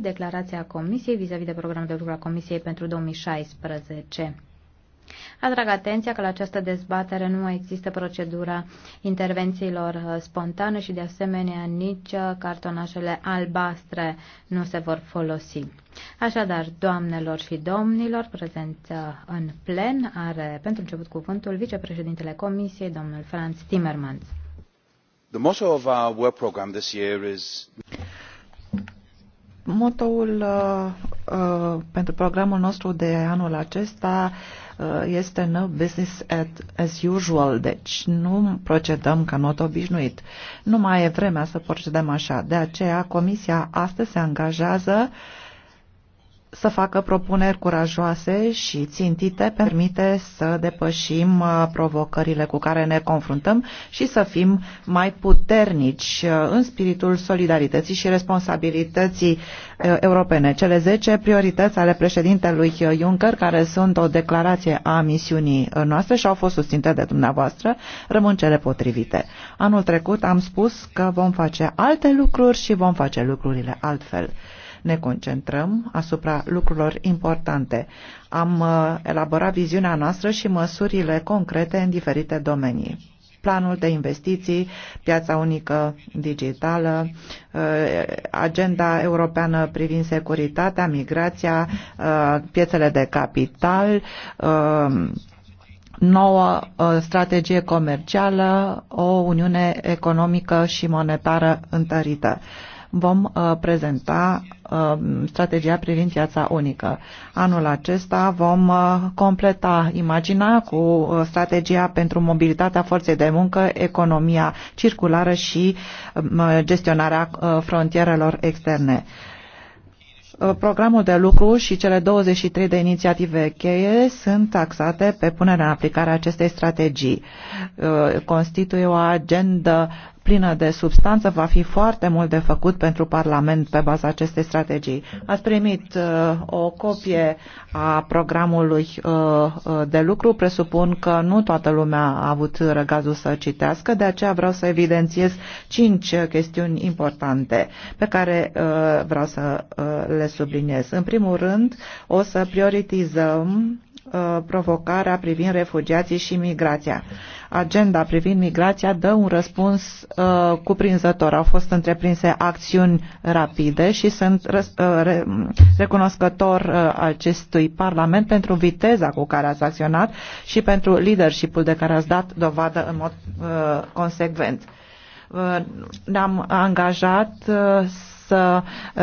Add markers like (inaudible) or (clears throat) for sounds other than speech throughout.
declarația Comisiei vis-a-vis -vis de programul de lucru al Comisiei pentru 2016. Atrag atenția că la această dezbatere nu există procedura intervențiilor uh, spontane și de asemenea nici uh, cartonașele albastre nu se vor folosi. Așadar, doamnelor și domnilor, prezent uh, în plen are pentru început cuvântul vicepreședintele Comisiei, domnul Franz Timmermans. The motto of our work program this year is Motoul uh, uh, pentru programul nostru de anul acesta uh, este No Business at, as Usual, deci nu procedăm ca not obișnuit. Nu mai e vremea să procedăm așa. De aceea, Comisia astăzi se angajează uh, să facă propuneri curajoase și țintite permite să depășim uh, provocările cu care ne confruntăm și să fim mai puternici uh, în spiritul solidarității și responsabilității uh, europene. Cele 10 priorități ale președintelui Juncker, care sunt o declarație a misiunii noastre și au fost susținute de dumneavoastră, rămân cele potrivite. Anul trecut am spus că vom face alte lucruri și vom face lucrurile altfel ne concentrăm asupra lucrurilor importante. Am uh, elaborat viziunea noastră și măsurile concrete în diferite domenii planul de investiții, piața unică digitală, uh, agenda europeană privind securitatea, migrația, uh, piețele de capital, nouă strategie comercială, o uniune economică și monetară întărită vom uh, prezenta uh, strategia privind piața unică. Anul acesta vom uh, completa imaginea cu strategia pentru mobilitatea forței de muncă, economia circulară și um, gestionarea frontierelor externe programul de lucru și cele 23 de inițiative cheie sunt taxate pe punerea în aplicare a acestei strategii. Constituie o agendă plină de substanță, va fi foarte mult de făcut pentru Parlament pe baza acestei strategii. Ați primit uh, o copie a programului uh, uh, de lucru. Presupun că nu toată lumea a avut răgazul să citească, de aceea vreau să evidențiez cinci chestiuni importante pe care uh, vreau să uh, le subliniez. În primul rând, o să prioritizăm Uh, provocarea privind refugiații și migrația. Agenda privind migrația dă un răspuns uh, cuprinzător. Au fost întreprinse acțiuni rapide și sunt uh, re recunoscător uh, acestui Parlament pentru viteza cu care ați acționat și pentru leadership-ul de care ați dat dovadă în mod uh, consecvent. Uh, Ne-am angajat uh, să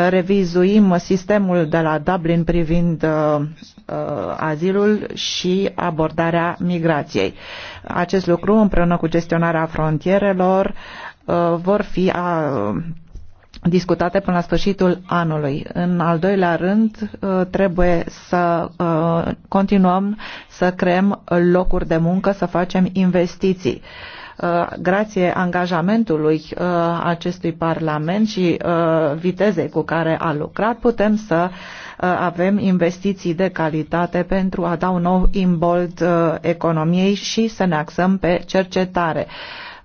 revizuim sistemul de la Dublin privind uh, uh, azilul și abordarea migrației. Acest lucru, împreună cu gestionarea frontierelor, uh, vor fi discutate până la sfârșitul anului. În al doilea rând, trebuie să continuăm să creăm locuri de muncă, să facem investiții. Uh, grație angajamentului uh, acestui Parlament și uh, vitezei cu care a lucrat, putem să avem investiții de calitate pentru a da un nou imbold economiei și să ne axăm pe cercetare.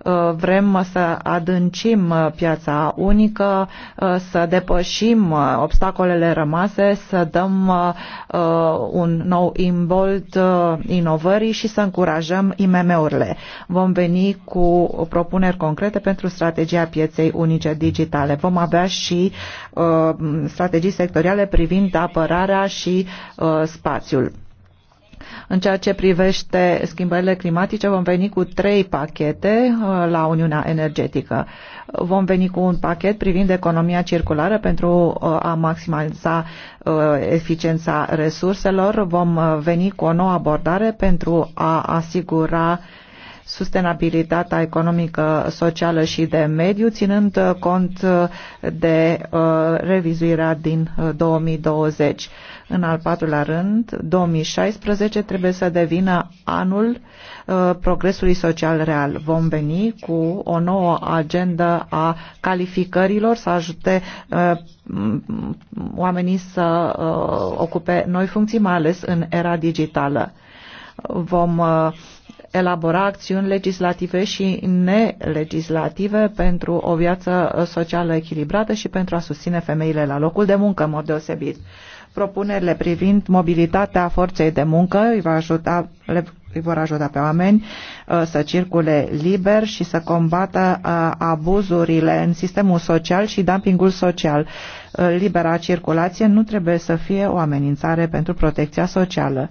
Uh, vrem să adâncim uh, piața unică, uh, să depășim obstacolele rămase, să dăm un nou imbold inovării și să încurajăm IMM-urile. Vom veni cu propuneri concrete pentru strategia pieței unice digitale. Vom avea și strategii sectoriale privind apărarea și spațiul. În ceea ce privește schimbările climatice, vom veni cu trei pachete uh, la Uniunea Energetică. Vom veni cu un pachet privind economia circulară pentru uh, a maximiza uh, eficiența resurselor. Vom veni cu o nouă abordare pentru a asigura sustenabilitatea economică, socială și de mediu, ținând cont de revizuirea din 2020. În al patrulea rând, 2016 trebuie să devină anul uh, progresului social real. Vom veni cu o nouă agendă a calificărilor să ajute uh, oamenii să uh, ocupe noi funcții, mai ales în era digitală. Vom elabora acțiuni legislative și nelegislative pentru o viață socială echilibrată și pentru a susține femeile la locul de muncă, în mod deosebit. Propunerile privind mobilitatea forței de muncă îi, va ajuta, le, îi vor ajuta pe oameni uh, să circule liber și să combată uh, abuzurile în sistemul social și dumpingul social. Uh, libera circulație nu trebuie să fie o amenințare pentru protecția socială.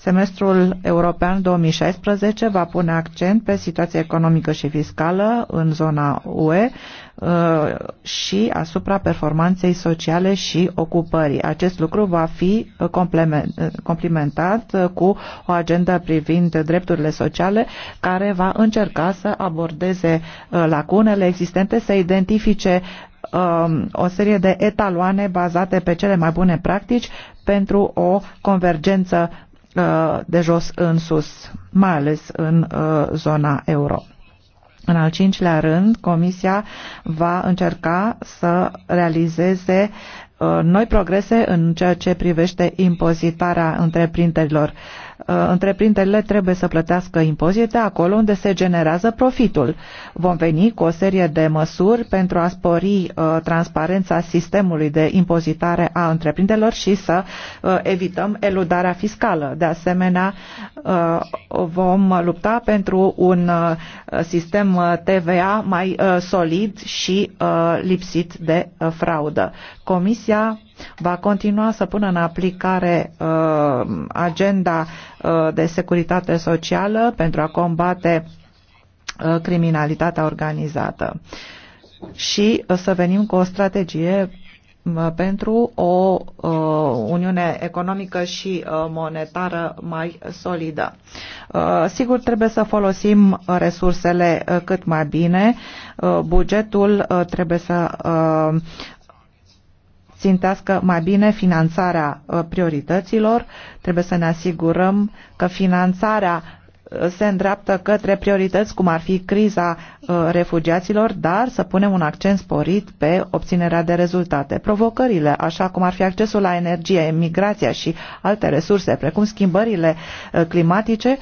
Semestrul european 2016 va pune accent pe situația economică și fiscală în zona UE uh, și asupra performanței sociale și ocupării. Acest lucru va fi uh, complementat uh, cu o agendă privind drepturile sociale care va încerca să abordeze lacunele existente, să identifice um, o serie de etaloane bazate pe cele mai bune practici pentru o convergență Uh, de jos în sus, mai ales în uh, zona euro. În al cincilea rând, Comisia va încerca să realizeze uh, noi progrese în ceea ce privește impozitarea întreprinderilor. Uh, Uh, întreprinderile trebuie să plătească impozite acolo unde se generează profitul. Vom veni cu o serie de măsuri pentru a spori uh, transparența sistemului de impozitare a întreprinderilor și să uh, evităm eludarea fiscală. De asemenea, vom lupta pentru un sistem TVA mai solid și lipsit de fraudă. Comisia va continua să pună în aplicare uh, agenda uh, de securitate socială pentru a combate uh, criminalitatea organizată și uh, să venim cu o strategie uh, pentru o uh, uniune economică și uh, monetară mai solidă. Uh, sigur, trebuie să folosim resursele uh, cât mai bine. Uh, bugetul uh, trebuie să uh, țintească mai bine finanțarea uh, priorităților, trebuie să ne asigurăm că finanțarea uh, se îndreaptă către priorități cum ar fi criza uh, refugiaților, dar să punem un accent sporit pe obținerea de rezultate. Provocările, așa cum ar fi accesul la energie, emigrația și alte resurse, precum schimbările climatice,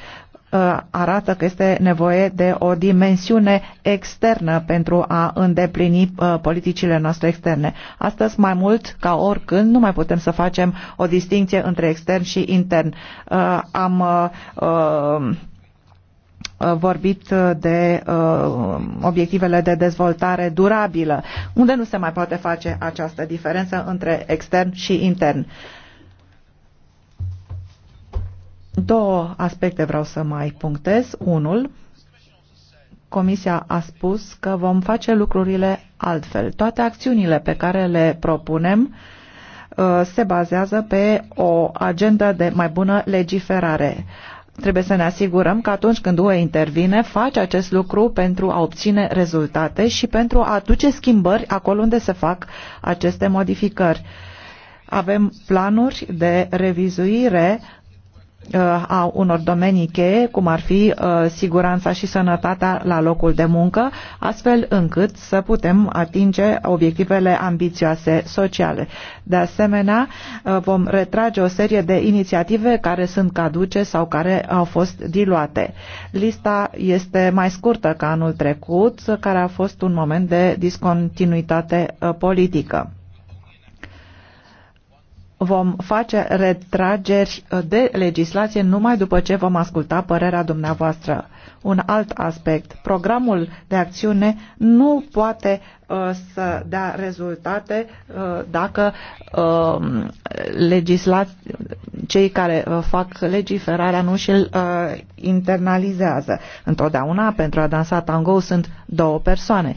Uh, arată că este nevoie de o dimensiune externă pentru a îndeplini uh, politicile noastre externe. Astăzi, mai mult ca oricând, nu mai putem să facem o distinție între extern și intern. Uh, am vorbit de uh, obiectivele de dezvoltare durabilă, unde nu se mai poate face această diferență între extern și intern. Uh, Două aspecte vreau să mai punctez. Unul, Comisia a spus că vom face lucrurile altfel. Toate acțiunile pe care le propunem uh, se bazează pe o agendă de mai bună legiferare. Trebuie să ne asigurăm că atunci când UE intervine, face acest lucru pentru a obține rezultate și pentru a aduce schimbări acolo unde se fac aceste modificări. Avem planuri de revizuire Uh, a unor domenii cheie, cum ar fi uh, siguranța și sănătatea la locul de muncă, astfel încât să putem atinge obiectivele ambițioase sociale. De asemenea, uh, vom retrage o serie de inițiative care sunt caduce sau care au fost diluate. Lista este mai scurtă ca anul trecut, care a fost un moment de discontinuitate politică vom face retrageri uh, de legislație numai după ce vom asculta părerea dumneavoastră. Un alt aspect, programul de acțiune nu poate uh, să dea rezultate uh, dacă uh, um, legisla... cei care uh, fac legiferarea nu și-l uh, internalizează. Întotdeauna, pentru a dansa tango, sunt două persoane.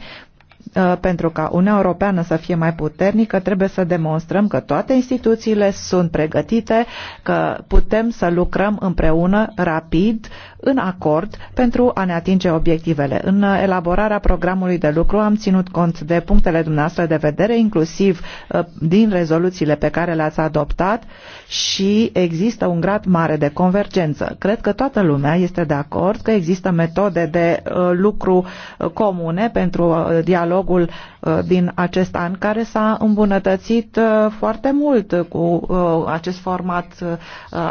Uh, pentru ca Uniunea Europeană să fie mai puternică, trebuie să demonstrăm că toate instituțiile sunt pregătite, că putem să lucrăm împreună rapid în acord pentru a ne atinge obiectivele. În elaborarea programului de lucru am ținut cont de punctele dumneavoastră de vedere, inclusiv uh, din rezoluțiile pe care le-ați adoptat și există un grad mare de convergență. Cred că toată lumea este de acord că există metode de uh, lucru uh, comune pentru dialogul din acest an care s-a îmbunătățit foarte mult cu acest format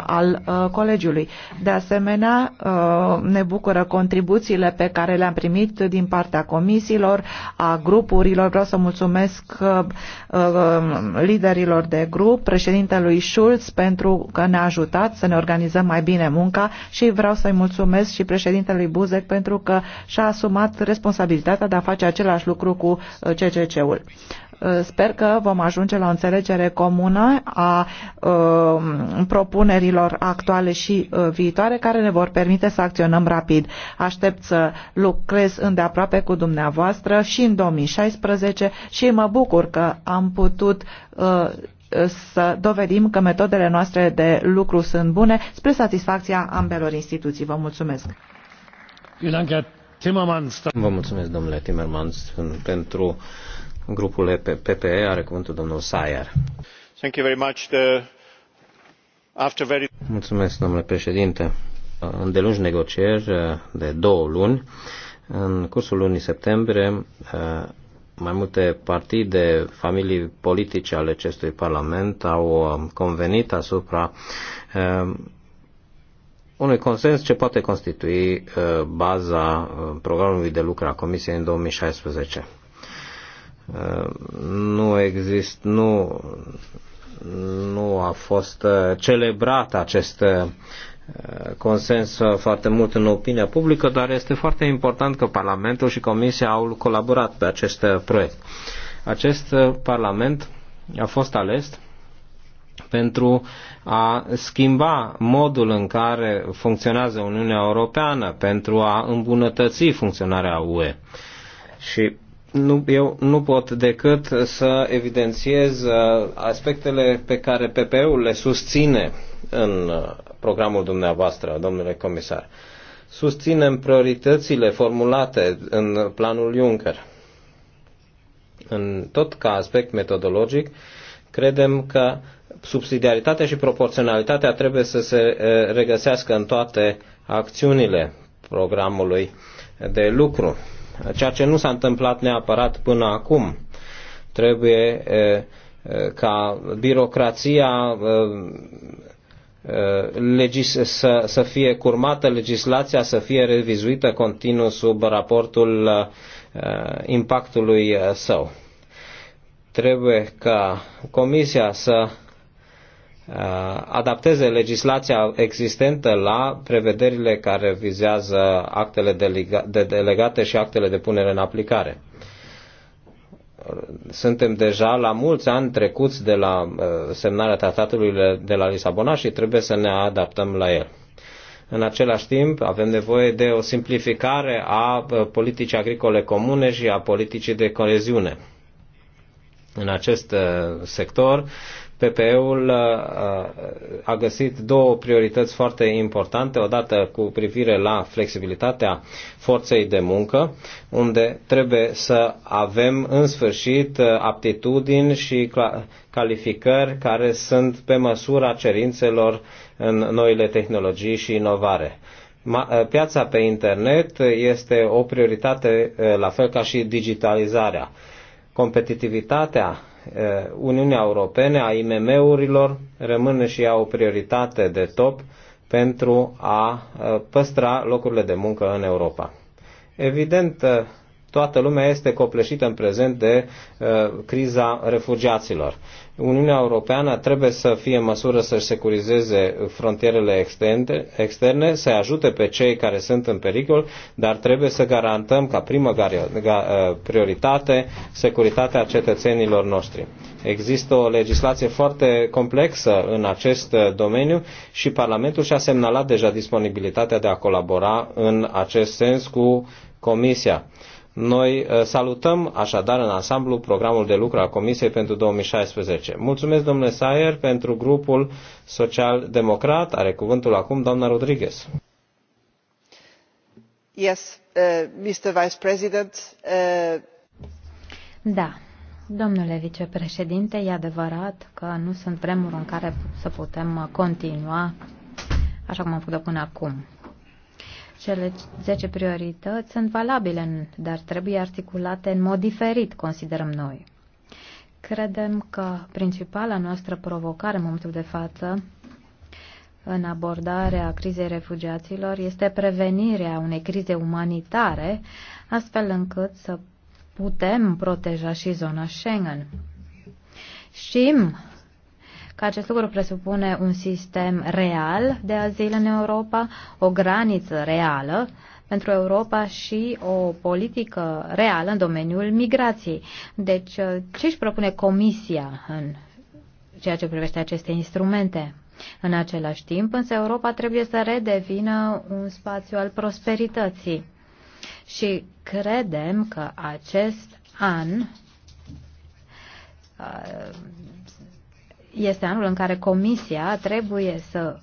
al colegiului. De asemenea, Uh, ne bucură contribuțiile pe care le-am primit din partea comisiilor, a grupurilor. Vreau să mulțumesc uh, uh, liderilor de grup, președintelui Schulz pentru că ne-a ajutat să ne organizăm mai bine munca și vreau să-i mulțumesc și președintelui Buzek pentru că și-a asumat responsabilitatea de a face același lucru cu CCC-ul. Eh, sper că vom ajunge la o înțelegere comună a eh, propunerilor actuale și eh, viitoare care ne vor permite să acționăm rapid. Aștept să lucrez îndeaproape cu dumneavoastră și în 2016 și mă bucur că am putut să dovedim că metodele noastre de lucru sunt bune spre satisfacția ambelor instituții. Vă mulțumesc! Vă mulțumesc, domnule Timmermans, pentru grupul PPE are cuvântul domnul Sayer. Thank you very much. The... After very... Mulțumesc, domnule președinte. Îndelungi negocieri uh, de două luni. În cursul lunii septembrie, uh, mai multe partide, familii politice ale acestui Parlament au um, convenit asupra uh, unui consens ce poate constitui baza programului de lucru a Comisiei în 2016 nu există, nu, nu a fost uh, celebrat acest uh, consens uh, foarte mult în opinia publică, dar este foarte important că Parlamentul și Comisia au colaborat pe acest proiect. Acest Parlament a fost ales pentru a schimba modul în care funcționează Uniunea Europeană, pentru a îmbunătăți funcționarea UE. Și nu, eu nu pot decât să evidențiez uh, aspectele pe care PPE-ul le susține în uh, programul dumneavoastră, domnule comisar. Susținem prioritățile formulate în planul Juncker. În tot ca aspect metodologic, credem că subsidiaritatea și proporționalitatea trebuie să se uh, regăsească în toate acțiunile programului de lucru ceea ce nu s-a întâmplat neapărat până acum. Trebuie ca birocrația legis- să, să fie curmată, legislația să fie revizuită continuu sub raportul impactului său. Trebuie ca Comisia să Uh, adapteze legislația existentă la prevederile care vizează actele de delegate și actele de punere în aplicare. Suntem deja la mulți ani trecuți de la uh, semnarea tratatului de la Lisabona și trebuie să ne adaptăm la el. În același timp, avem nevoie de o simplificare a uh, politicii agricole comune și a politicii de coeziune în acest sector PPE-ul uh, uh, a găsit două priorități foarte importante, odată cu privire la flexibilitatea forței de muncă, unde trebuie să avem în sfârșit uh, aptitudini și calificări care sunt pe măsura cerințelor în noile tehnologii și inovare. Piața pe internet este o prioritate, la fel ca și digitalizarea competitivitatea Uh, Uniunea Europene, a IMM-urilor, rămâne și ea o prioritate de top pentru a uh, păstra locurile de muncă în Europa. Evident, uh, toată lumea este copleșită în prezent de uh, criza refugiaților. Uniunea Europeană trebuie să fie în măsură să-și securizeze frontierele externe, externe, să ajute pe cei care sunt în pericol, dar trebuie să garantăm ca primă uh, prioritate securitatea cetățenilor noștri. Există o legislație foarte complexă în acest uh, domeniu și Parlamentul și-a semnalat deja disponibilitatea de a colabora în acest sens cu Comisia. Noi uh, salutăm așadar în ansamblu programul de lucru al Comisiei pentru 2016. Mulțumesc, domnule Sayer, pentru grupul social-democrat. Are cuvântul acum doamna Rodriguez. Yes, uh, Mr. Vice President. Uh... Da, Domnule vicepreședinte, e adevărat că nu sunt vremuri în care să putem continua așa cum am făcut până acum. Cele 10 priorități sunt valabile, dar trebuie articulate în mod diferit, considerăm noi. Credem că principala noastră provocare în momentul de față în abordarea crizei refugiaților este prevenirea unei crize umanitare, astfel încât să putem proteja și zona Schengen. Știm că acest lucru presupune un sistem real de azil în Europa, o graniță reală pentru Europa și o politică reală în domeniul migrației. Deci, ce își propune Comisia în ceea ce privește aceste instrumente? În același timp, însă, Europa trebuie să redevină un spațiu al prosperității. Și credem că acest an este anul în care Comisia trebuie să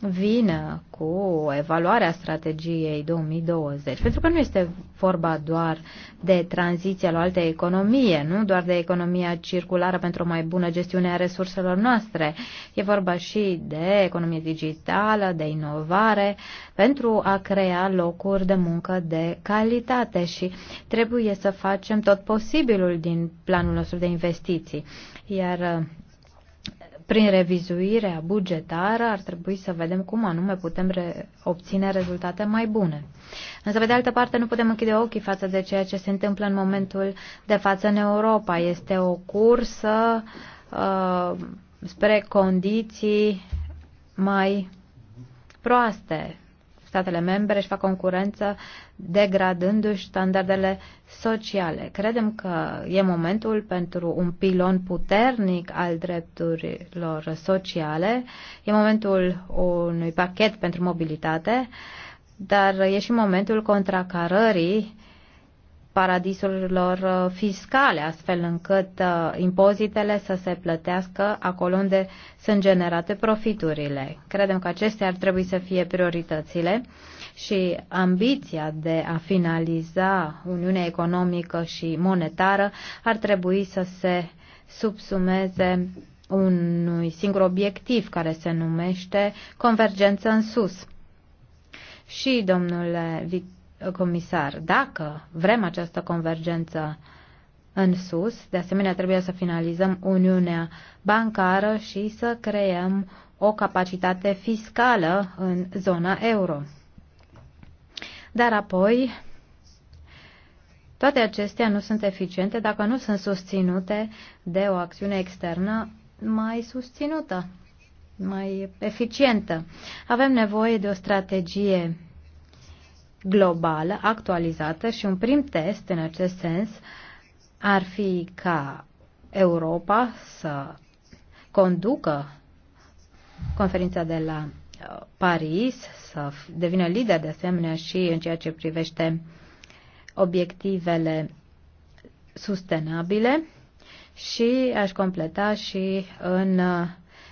vină cu evaluarea strategiei 2020, pentru că nu este vorba doar de tranziția la alte economie, nu doar de economia circulară pentru o mai bună gestiune a resurselor noastre, e vorba și de economie digitală, de inovare, pentru a crea locuri de muncă de calitate și trebuie să facem tot posibilul din planul nostru de investiții. Iar prin revizuirea bugetară ar trebui să vedem cum anume putem re- obține rezultate mai bune. Însă, pe de altă parte, nu putem închide ochii față de ceea ce se întâmplă în momentul de față în Europa. Este o cursă uh, spre condiții mai proaste. Statele membre își fac concurență degradându-și standardele sociale. Credem că e momentul pentru un pilon puternic al drepturilor sociale, e momentul unui pachet pentru mobilitate, dar e și momentul contracarării paradisurilor fiscale, astfel încât uh, impozitele să se plătească acolo unde sunt generate profiturile. Credem că acestea ar trebui să fie prioritățile și ambiția de a finaliza Uniunea Economică și Monetară ar trebui să se subsumeze unui singur obiectiv care se numește convergență în sus. Și, domnule comisar, dacă vrem această convergență în sus, de asemenea trebuie să finalizăm Uniunea Bancară și să creăm o capacitate fiscală în zona euro. Dar apoi, toate acestea nu sunt eficiente dacă nu sunt susținute de o acțiune externă mai susținută, mai eficientă. Avem nevoie de o strategie globală, actualizată și un prim test în acest sens ar fi ca Europa să conducă conferința de la Paris să devină lider de asemenea și în ceea ce privește obiectivele sustenabile și aș completa și în uh,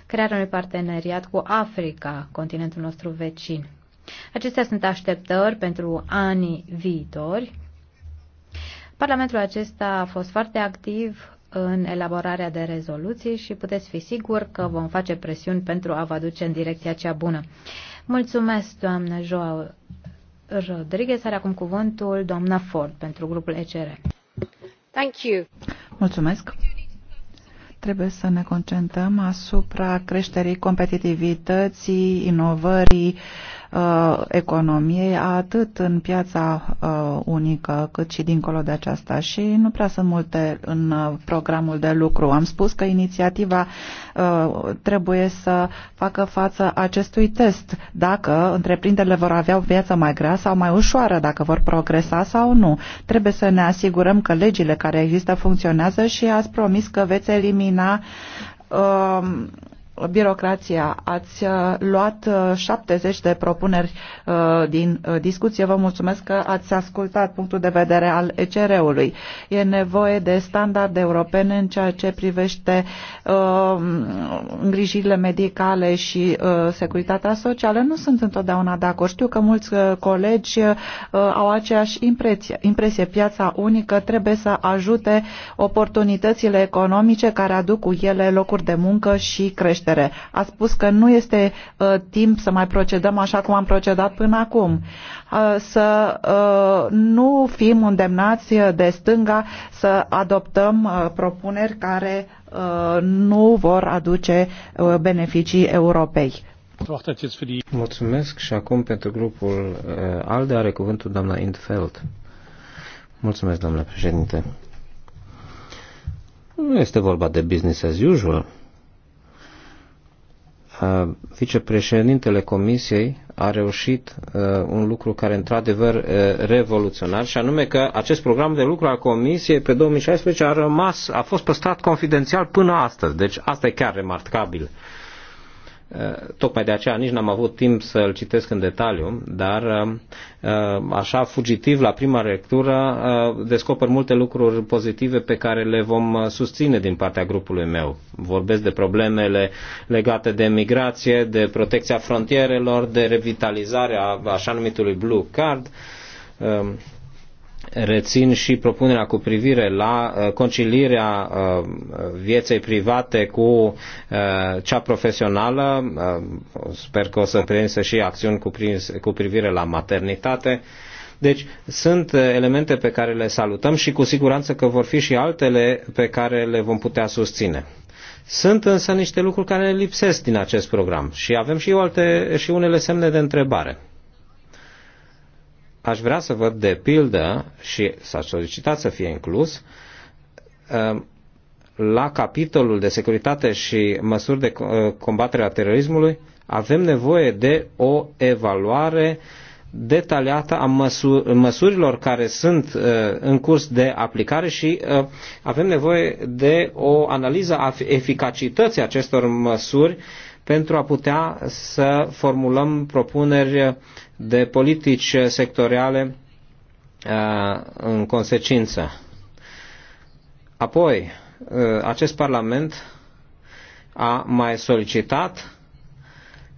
crearea unui parteneriat cu Africa, continentul nostru vecin. Acestea sunt așteptări pentru anii viitori. Parlamentul acesta a fost foarte activ în elaborarea de rezoluții și puteți fi sigur că vom face presiuni pentru a vă duce în direcția cea bună. Mulțumesc, doamnă Joao Rodriguez. Are acum cuvântul doamna Ford pentru grupul ECR. Thank you. Mulțumesc trebuie să ne concentrăm asupra creșterii competitivității, inovării, uh, economiei, atât în piața uh, unică, cât și dincolo de aceasta. Și nu prea sunt multe în uh, programul de lucru. Am spus că inițiativa uh, trebuie să facă față acestui test, dacă întreprinderile vor avea o viață mai grea sau mai ușoară, dacă vor progresa sau nu. Trebuie să ne asigurăm că legile care există funcționează și ați promis că veți elimina uh, birocrația. Ați uh, luat 70 uh, de propuneri uh, din discuție. Vă mulțumesc că ați ascultat punctul de vedere al ECR-ului. E nevoie de standarde europene în ceea ce privește îngrijirile medicale și securitatea socială. Nu sunt întotdeauna de acord. Știu că mulți colegi au aceeași impresie. Piața unică trebuie să ajute oportunitățile economice care aduc cu ele locuri de muncă și creștere creștere. A spus că nu este uh, timp să mai procedăm așa cum am procedat până acum. Uh, să uh, nu fim îndemnați de stânga să adoptăm uh, propuneri care uh, nu vor aduce uh, beneficii Europei. Mulțumesc și acum pentru grupul uh, ALDE are cuvântul doamna Indfeld. Mulțumesc, domnule președinte. Nu este vorba de business as usual vicepreședintele Comisiei a reușit un lucru care într-adevăr revoluționar și anume că acest program de lucru al Comisiei pe 2016 a rămas, a fost păstrat confidențial până astăzi. Deci asta e chiar remarcabil. Eh, tocmai de aceea nici n-am avut timp să-l citesc în detaliu, dar eh, eh, așa fugitiv la prima lectură descoper multe lucruri pozitive pe care le vom susține din partea grupului meu. Vorbesc de problemele legate de migrație, de protecția frontierelor, de revitalizarea așa numitului Blue Card, rețin și propunerea cu privire la uh, concilierea uh, vieței private cu uh, cea profesională. Sper că o să prinsă și acțiuni cu privire la maternitate. Deci sunt elemente pe care le salutăm și cu siguranță că vor fi și altele pe care le vom putea susține. Sunt însă niște lucruri care lipsesc din acest program și avem și, alte, și unele semne de întrebare aș vrea să văd de pildă și s-a solicitat să fie inclus um, la capitolul de securitate și măsuri de uh, combatere a terorismului avem nevoie de o evaluare detaliată a măsur, măsurilor care sunt uh, în curs de aplicare și uh, avem nevoie de o analiză a eficacității acestor măsuri pentru a putea să formulăm propuneri uh, de politici sectoriale uh, în consecință. Apoi, uh, acest Parlament a mai solicitat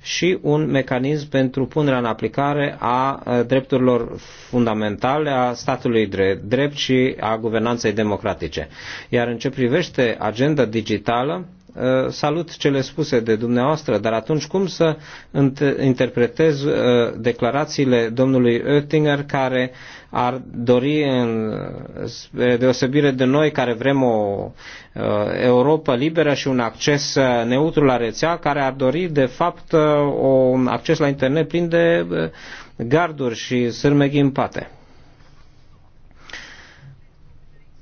și un mecanism pentru punerea în aplicare a uh, drepturilor fundamentale a statului drept, și a guvernanței democratice. Iar în ce privește agenda digitală, Eh, salut cele spuse de dumneavoastră, dar atunci cum să interpretez eh, declarațiile domnului Oettinger care ar dori, în deosebire de noi care vrem o eh, Europa liberă și un acces neutru la rețea, care ar dori de fapt un acces la internet plin de garduri și sârme ghimpate.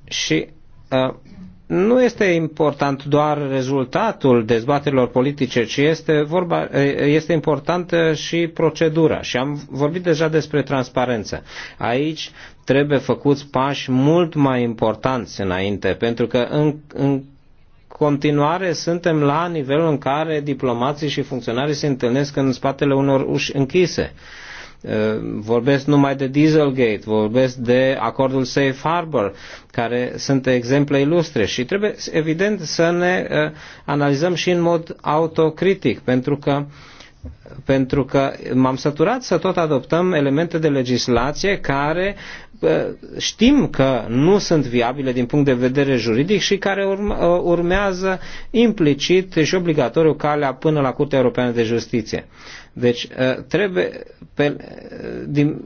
Și nu este important doar rezultatul dezbaterilor politice, ci este, vorba, este importantă și procedura. Și am vorbit deja despre transparență. Aici trebuie făcuți pași mult mai importanți înainte, pentru că în, în continuare suntem la nivelul în care diplomații și funcționarii se întâlnesc în spatele unor uși închise. Uh, Eh, vorbesc numai de Dieselgate, vorbesc de acordul Safe Harbor, care sunt exemple ilustre și trebuie evident să ne eh, analizăm și în mod autocritic, pentru că uh, pentru că m-am săturat să tot adoptăm elemente de legislație care știm că nu sunt viabile din punct de vedere juridic și care ă, urmează implicit și obligatoriu calea până la Curtea Europeană de Justiție. Deci ă, trebuie, pe, ă, din,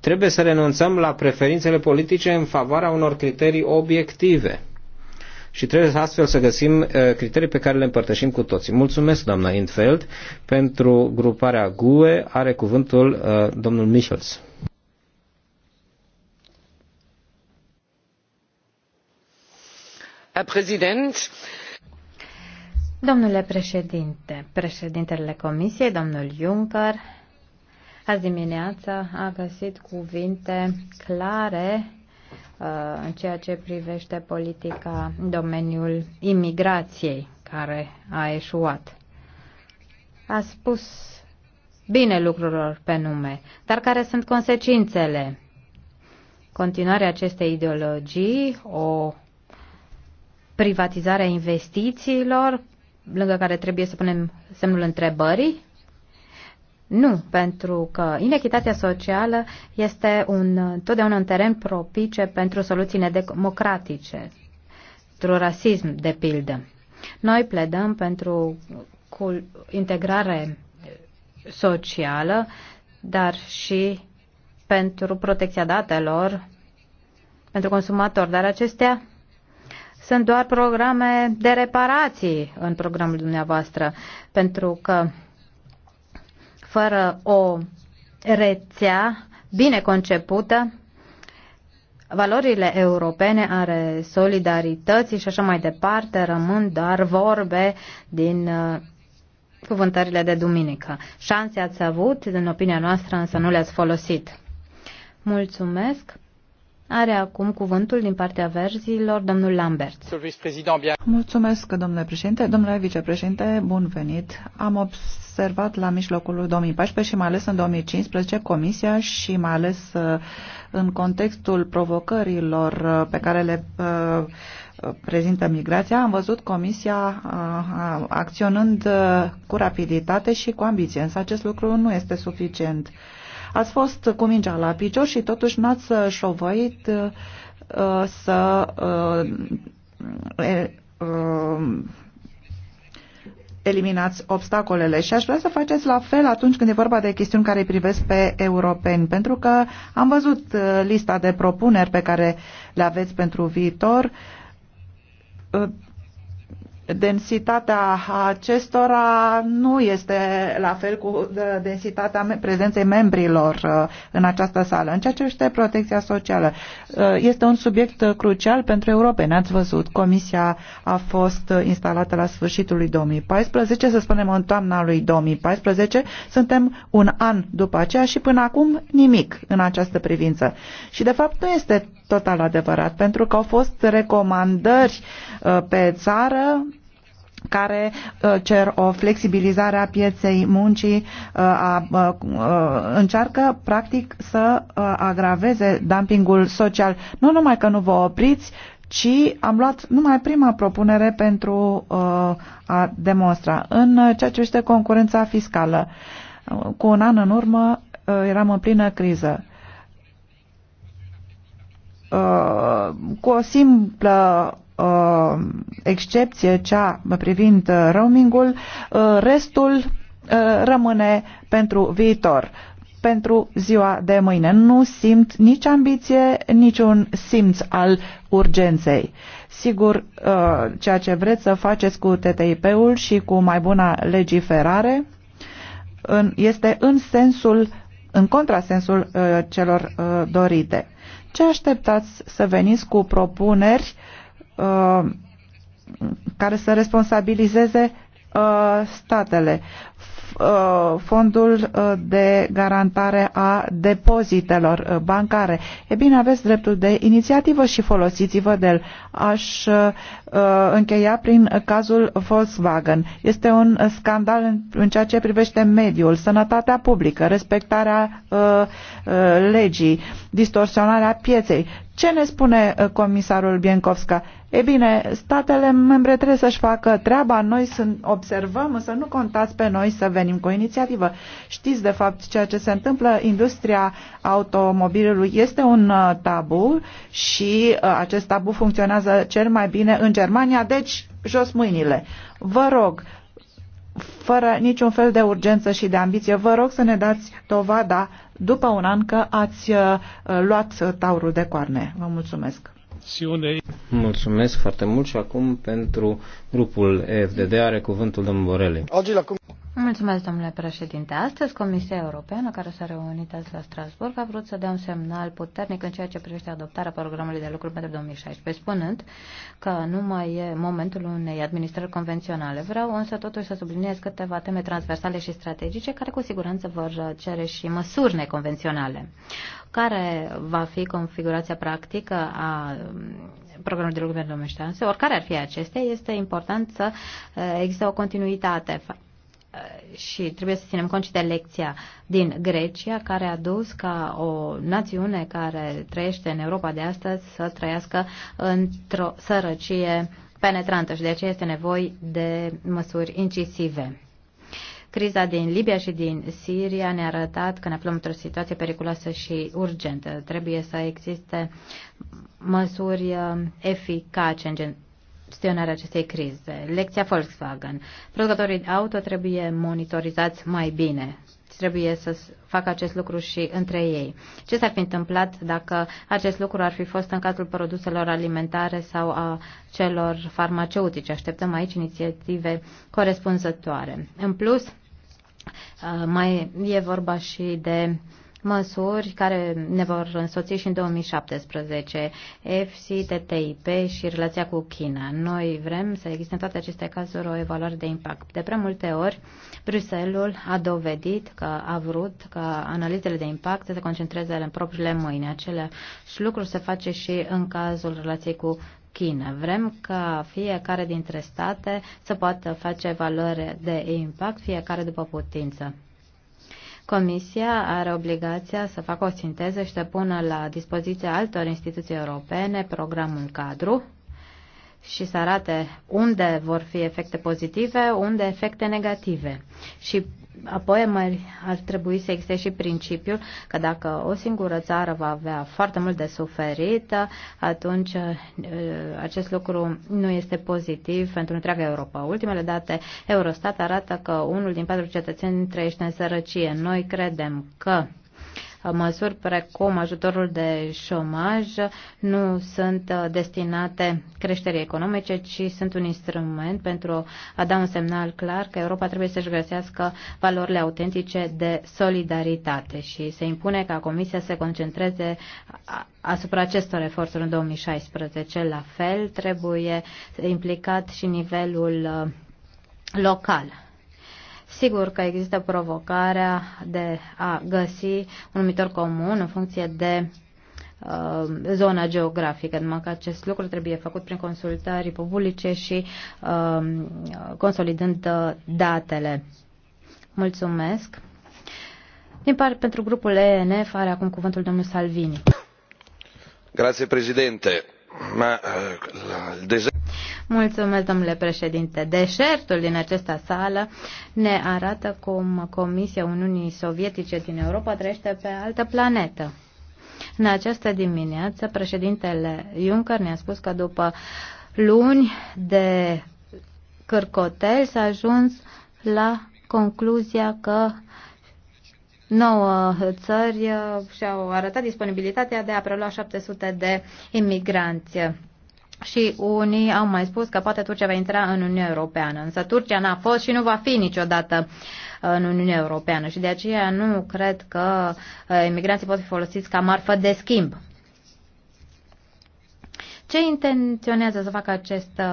trebuie să renunțăm la preferințele politice în favoarea unor criterii obiective și trebuie astfel să găsim uh, criterii pe care le împărtășim cu toții. Mulțumesc, doamna Intfeld, pentru gruparea GUE. Are cuvântul uh, domnul Michels. President. Domnule președinte, președintele Comisiei, domnul Juncker, azi dimineața a găsit cuvinte clare Uh, în ceea ce privește politica în domeniul imigrației care a eșuat. A spus bine lucrurilor pe nume, dar care sunt consecințele? Continuarea acestei ideologii, o privatizare a investițiilor, lângă care trebuie să punem semnul întrebării, nu, pentru că inechitatea socială este un, totdeauna un teren propice pentru soluții nedemocratice, pentru rasism, de pildă. Noi pledăm pentru integrare socială, dar și pentru protecția datelor pentru consumatori, dar acestea sunt doar programe de reparații în programul dumneavoastră, pentru că fără o rețea bine concepută, valorile europene are solidarității și așa mai departe rămân doar vorbe din uh, cuvântările de duminică. Șanse ați avut, în opinia noastră, însă nu le-ați folosit. Mulțumesc! Are acum cuvântul din partea verzilor domnul Lambert. Mulțumesc, domnule președinte. Domnule vicepreședinte, bun venit. Am observat la mijlocul 2014 și mai ales în 2015 Comisia și mai ales uh, în contextul provocărilor uh, pe care le uh, prezintă migrația, am văzut Comisia acționând cu rapiditate și cu ambiție, însă acest lucru nu este suficient. Ați fost cu mingea la picior și totuși n-ați uh, șovăit uh, să uh, um, eliminați obstacolele și aș vrea să faceți la fel atunci când e vorba de chestiuni care îi privesc pe europeni, pentru că am văzut lista de propuneri pe care le aveți pentru viitor densitatea acestora nu este la fel cu densitatea prezenței membrilor uh, în această sală. În ceea ce este protecția socială, uh, este un subiect crucial pentru Europa. ne Ați văzut, Comisia a fost instalată la sfârșitul lui 2014, să spunem în toamna lui 2014, suntem un an după aceea și până acum nimic în această privință. Și de fapt nu este total adevărat, pentru că au fost recomandări uh, pe țară care uh, cer o flexibilizare a pieței muncii, uh, a, a, uh, a, încearcă practic să agraveze dumpingul social. Nu numai că nu vă opriți, ci am luat numai prima propunere pentru a demonstra. În ceea ce este concurența fiscală, cu un an în urmă eram în plină criză cu o simplă uh, excepție, cea privind uh, roamingul, uh, restul uh, rămâne pentru viitor pentru ziua de mâine. Nu simt nici ambiție, niciun simț al urgenței. Sigur, uh, ceea ce vreți să faceți cu TTIP-ul și cu mai bună legiferare este în sensul, în contrasensul uh, celor uh, dorite. Ce așteptați să veniți cu propuneri Uh, care să responsabilizeze uh, statele. Uh, fondul de garantare a depozitelor bancare. E bine, aveți dreptul de inițiativă și folosiți-vă de el. Aș încheia prin cazul Volkswagen. Este un scandal în ceea ce privește mediul, sănătatea publică, respectarea legii, distorsionarea pieței. Ce ne spune comisarul Biencovska? E bine, statele membre trebuie să-și facă treaba, noi să observăm, să nu contați pe noi să venim cu o inițiativă. Știți, de fapt, ceea ce se întâmplă, industria automobilului este un uh, tabu și uh, acest tabu funcționează cel mai bine în Germania, deci jos mâinile. Vă rog, fără niciun fel de urgență și de ambiție, vă rog să ne dați dovada după un an că ați uh, luat taurul de coarne. Vă mulțumesc! Mulțumesc foarte mult și acum pentru grupul EFDD are cuvântul domnul Borelli. Mulțumesc, domnule președinte. Astăzi, Comisia Europeană, care s-a reunit azi la Strasburg, a vrut să dea un semnal puternic în ceea ce privește adoptarea programului de lucru pentru 2016, spunând că nu mai e momentul unei administrări convenționale. Vreau însă totuși să subliniez câteva teme transversale și strategice care cu siguranță vor cere și măsuri neconvenționale care va fi configurația practică a um, programul de lucru pentru oricare ar fi acestea, este important să uh, există o continuitate uh, și trebuie să ținem cont și de lecția din Grecia, care a dus ca o națiune care trăiește în Europa de astăzi să trăiască într-o sărăcie penetrantă și de aceea este nevoie de măsuri incisive. Criza din Libia și din Siria ne-a arătat că ne aflăm într-o situație periculoasă și urgentă. Trebuie să existe măsuri uh, eficace în gestionarea acestei crize. Lecția Volkswagen. Producătorii auto trebuie monitorizați mai bine trebuie să facă acest lucru și între ei. Ce s-ar fi întâmplat dacă acest lucru ar fi fost în cazul produselor alimentare sau a celor farmaceutice? Așteptăm aici inițiative corespunzătoare. În plus, Uh, mai e vorba și de măsuri care ne vor însoți și în 2017, EFSI, TTIP și relația cu China. Noi vrem să existe în toate aceste cazuri o evaluare de impact. De prea multe ori, Bruselul a dovedit că a vrut ca analizele de impact să se concentreze în propriile mâini. Același lucru se face și în cazul relației cu China. Vrem ca fiecare dintre state să poată face valoare de impact, fiecare după putință. Comisia are obligația să facă o sinteză și să pună la dispoziția altor instituții europene programul cadru și să arate unde vor fi efecte pozitive, unde efecte negative. Și apoi mai ar trebui să existe și principiul că dacă o singură țară va avea foarte mult de suferit, atunci acest lucru nu este pozitiv pentru întreaga Europa. Ultimele date Eurostat arată că unul din patru cetățeni trăiește în sărăcie. Noi credem că Uh, măsuri precum ajutorul de șomaj nu sunt uh, destinate creșterii economice, ci sunt un instrument pentru a da un semnal clar că Europa trebuie să-și găsească valorile autentice de solidaritate și se impune ca Comisia să se concentreze asupra acestor eforturi în 2016. La fel, trebuie implicat și nivelul uh, local Sigur că există provocarea de a găsi un numitor comun în funcție de uh, zona geografică, numai că acest lucru trebuie făcut prin consultări publice și uh, consolidând uh, datele. Mulțumesc. Din par, pentru grupul ENF are acum cuvântul domnul Salvini. Grazie, președinte. Ma, il uh, Mulțumesc, domnule președinte. Deșertul din această sală ne arată cum Comisia Uniunii Sovietice din Europa trăiește pe altă planetă. În această dimineață, președintele Juncker ne-a spus că după luni de cărcotel s-a ajuns la concluzia că nouă țări și-au arătat disponibilitatea de a prelua 700 de imigranți și unii au mai spus că poate Turcia va intra în Uniunea Europeană, însă Turcia n-a fost și nu va fi niciodată uh, în Uniunea Europeană și de aceea nu cred că imigranții uh, pot fi folosiți ca marfă de schimb. Ce intenționează să facă această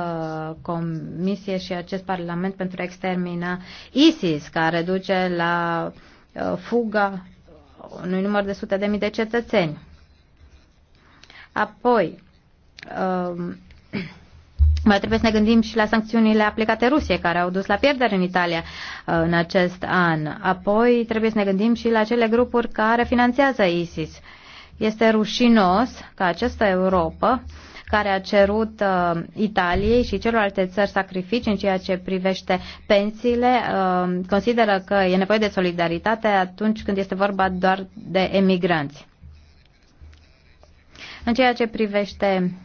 uh, comisie și acest parlament pentru a extermina ISIS, care duce la fuga unui număr de sute de mii de cetățeni? Apoi, Um, (clears throat) mai trebuie să ne gândim și la sancțiunile aplicate Rusiei, care au dus la pierderi în Italia uh, în acest an. Apoi trebuie să ne gândim și la cele grupuri care finanțează ISIS. Este rușinos că această Europa, care a cerut uh, Italiei și celorlalte țări sacrificii în ceea ce privește pensiile, uh, consideră că e nevoie de solidaritate atunci când este vorba doar de emigranți. În ceea ce privește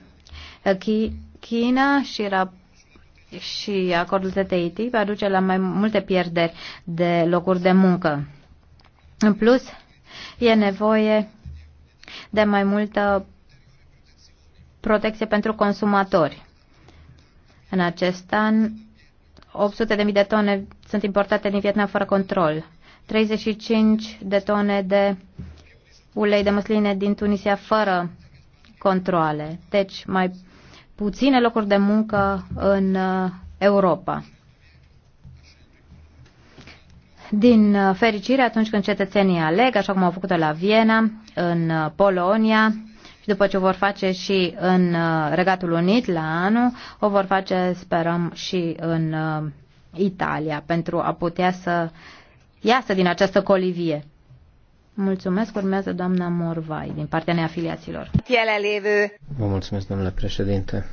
China și era și acordul TTIP aduce la mai multe pierderi de locuri de muncă. În plus, e nevoie de mai multă protecție pentru consumatori. În acest an, 800.000 de tone sunt importate din Vietnam fără control, 35 de tone de ulei de măsline din Tunisia fără controle, deci mai puține locuri de muncă în uh, Europa. Din uh, fericire, atunci când cetățenii aleg, așa cum au făcut-o la Viena, în uh, Polonia și după ce o vor face și în Regatul Unit la anul, o vor face, sperăm, și în Italia, pentru a putea să iasă din această colivie. Mulțumesc, urmează doamna Morvai, din partea neafiliaților. Vă mulțumesc, domnule președinte.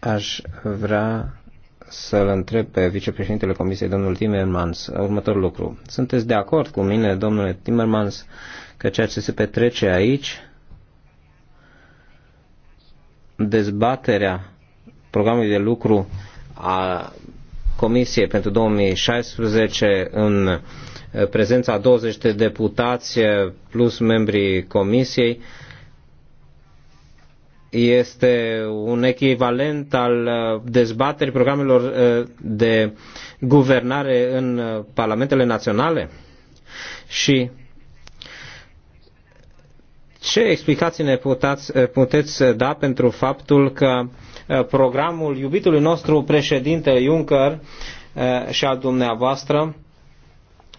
Aș vrea să-l întreb pe vicepreședintele Comisiei, domnul Timmermans, următorul lucru. Sunteți de acord cu mine, domnule Timmermans, că ceea ce se petrece aici, dezbaterea programului de lucru a Comisiei pentru 2016 în eh, prezența a 20 de deputați eh, plus membrii Comisiei este un echivalent al eh, dezbaterii programelor de guvernare în parlamentele naționale? Și ce explicații ne puteți, puteți da pentru faptul că Eh, programul iubitului nostru președinte Juncker eh, și al dumneavoastră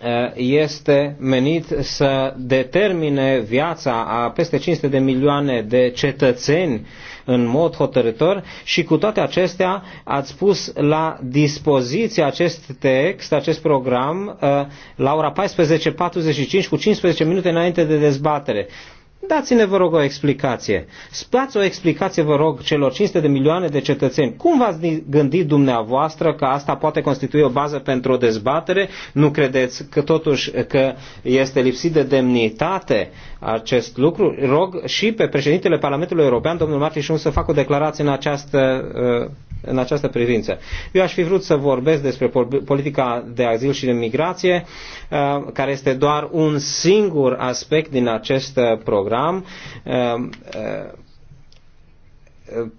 eh, este menit să determine viața a peste 500 de milioane de cetățeni în mod hotărător și cu toate acestea ați pus la dispoziție acest text, acest program la ora 14.45 cu 15 minute înainte de dezbatere. Dați-ne, vă rog, o explicație. Spați o explicație, vă rog, celor 500 de milioane de cetățeni. Cum v-ați gândit dumneavoastră că asta poate constitui o bază pentru o dezbatere? Nu credeți că totuși că este lipsit de demnitate acest lucru? Rog și pe președintele Parlamentului European, domnul Martin, să facă o declarație în această uh, în această privință. Eu aș fi vrut să vorbesc despre politica de azil și de migrație, uh, care este doar un singur aspect din acest program uh, uh,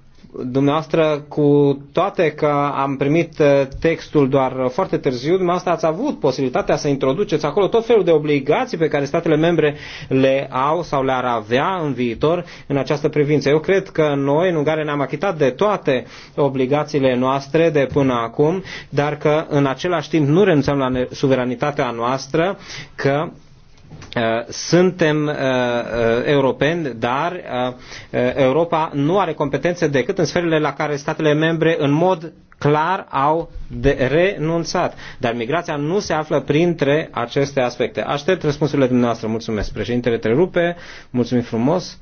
dumneavoastră, cu toate că am primit uh, textul doar uh, foarte târziu, dumneavoastră ați avut posibilitatea să introduceți acolo tot felul de obligații pe care statele membre le au sau le-ar avea în viitor în această privință. Eu cred că noi în Ungaria ne-am achitat de toate obligațiile noastre de până acum, dar că în același timp nu renunțăm la suveranitatea noastră, că Uh, suntem uh, uh, europeni, dar Europa nu are competențe decât în sferele la care statele membre în mod clar au de renunțat. Dar migrația nu se află printre aceste aspecte. Aștept răspunsurile dumneavoastră. Mulțumesc. Președintele Trerupe, mulțumim frumos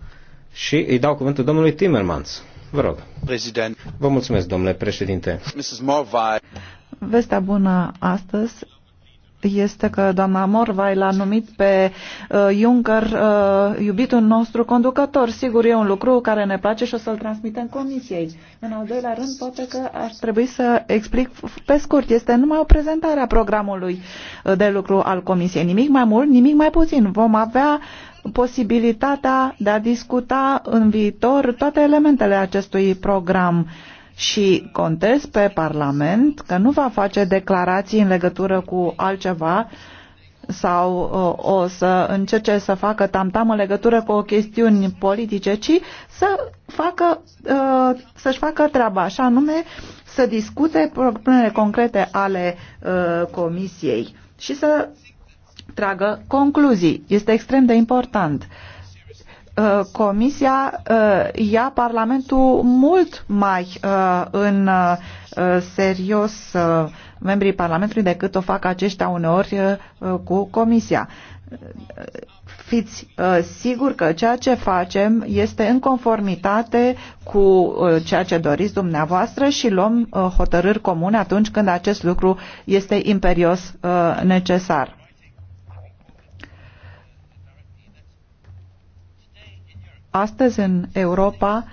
și îi dau cuvântul domnului Timmermans. Vă rog. President. Vă mulțumesc, domnule președinte. Vestea bună astăzi este că doamna Morvai l-a numit pe uh, Juncker uh, iubitul nostru conducător. Sigur, e un lucru care ne place și o să-l transmitem comisiei. În al doilea rând, poate că ar trebui să explic pe scurt. Este numai o prezentare a programului uh, de lucru al comisiei. Nimic mai mult, nimic mai puțin. Vom avea posibilitatea de a discuta în viitor toate elementele acestui program. Uh, și contez pe Parlament că nu va face declarații în legătură cu altceva sau uh, o să încerce să facă tamtam în legătură cu o chestiuni politice, ci să facă, uh, să-și facă treaba, așa nume să discute propunere concrete ale uh, Comisiei și să tragă concluzii. Este extrem de important. Uh, comisia uh, ia Parlamentul mult mai uh, în serios membrii Parlamentului decât o fac aceștia uneori cu Comisia. Fiți sigur că ceea ce facem este în conformitate cu ceea ce doriți dumneavoastră și luăm hotărâri comune atunci când acest lucru este imperios necesar Astăzi în Europa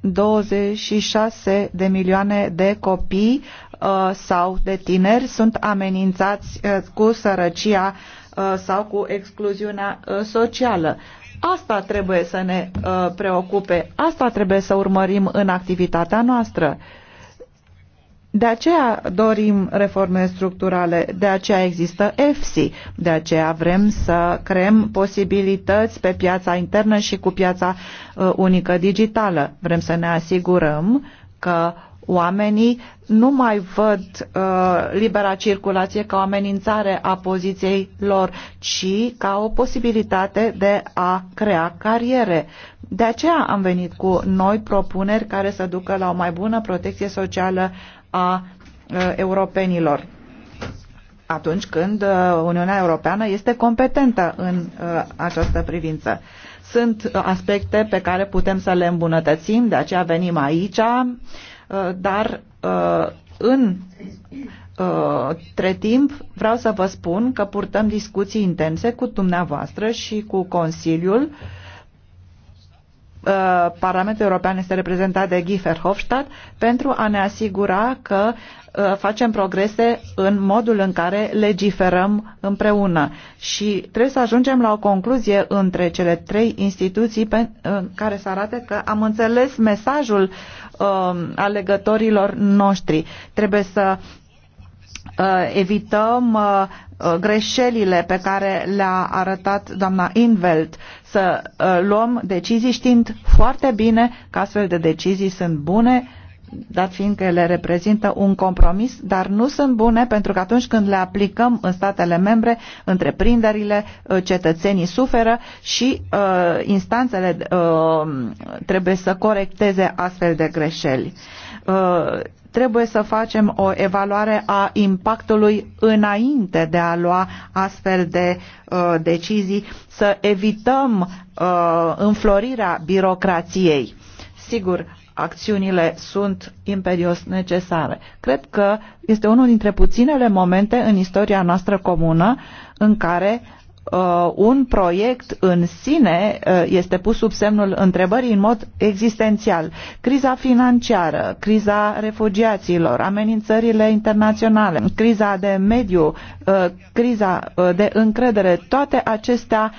26 de milioane de copii uh, sau de tineri sunt amenințați uh, cu sărăcia uh, sau cu excluziunea socială. Asta trebuie să ne preocupe, asta trebuie să urmărim în activitatea noastră. De aceea dorim reforme structurale, de aceea există EFSI, de aceea vrem să creăm posibilități pe piața internă și cu piața uh, unică digitală. Vrem să ne asigurăm că oamenii nu mai văd uh, libera circulație ca o amenințare a poziției lor, ci ca o posibilitate de a crea cariere. De aceea am venit cu noi propuneri care să ducă la o mai bună protecție socială a europenilor atunci când Uniunea Europeană este competentă în această privință. Sunt aspecte pe care putem să le îmbunătățim, de aceea venim aici, dar în între timp vreau să vă spun că purtăm discuții intense cu dumneavoastră și cu Consiliul uh, Uh, Parlamentul European este reprezentat de Guy Verhofstadt pentru a ne asigura că uh, facem progrese în modul în care legiferăm împreună și trebuie să ajungem la o concluzie între cele trei instituții pe, uh, care să arate că am înțeles mesajul alegătorilor noștri. Trebuie să evităm Uh, greșelile pe care le-a arătat doamna Invelt, să uh, luăm decizii știind foarte bine că astfel de decizii sunt bune, dat fiind că ele reprezintă un compromis, dar nu sunt bune pentru că atunci când le aplicăm în statele membre, întreprinderile, uh, cetățenii suferă și uh, instanțele uh, trebuie să corecteze astfel de greșeli. Uh, trebuie să facem o evaluare a impactului înainte de a lua astfel de uh, decizii, să evităm uh, înflorirea birocrației. Sigur, acțiunile sunt imperios necesare. Cred că este unul dintre puținele momente în istoria noastră comună în care uh, Uh, un proiect în sine uh, este pus sub semnul întrebării în mod existențial. Criza financiară, criza refugiaților, amenințările internaționale, criza de mediu, uh, criza de încredere, toate acestea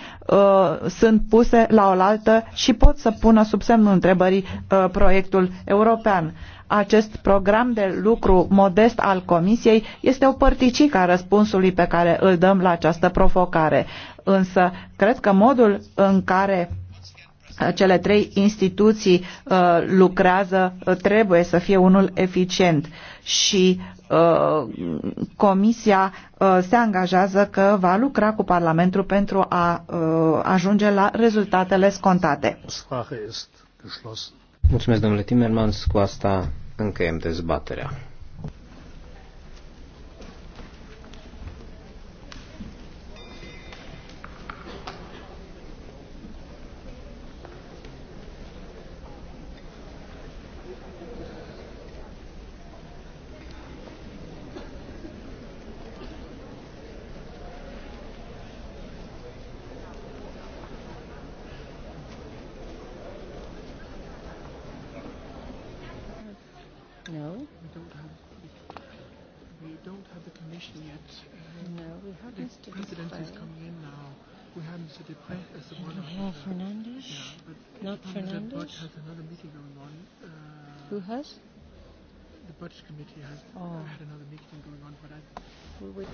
sunt puse la oaltă și pot să pună sub semnul întrebării proiectul european acest program de lucru modest al Comisiei este o părticică a răspunsului pe care îl dăm la această provocare. Însă, cred că modul în care uh, cele trei instituții uh, lucrează uh, trebuie să fie unul eficient și uh, Comisia uh, se angajează că va lucra cu Parlamentul pentru a uh, ajunge la rezultatele scontate. Mulțumesc, domnule Timmermans. Cu asta încheiem dezbaterea. Not Fernandes. Not Fernandes. Uh, Who has? The budget committee has oh. had another meeting going on, but I. We would.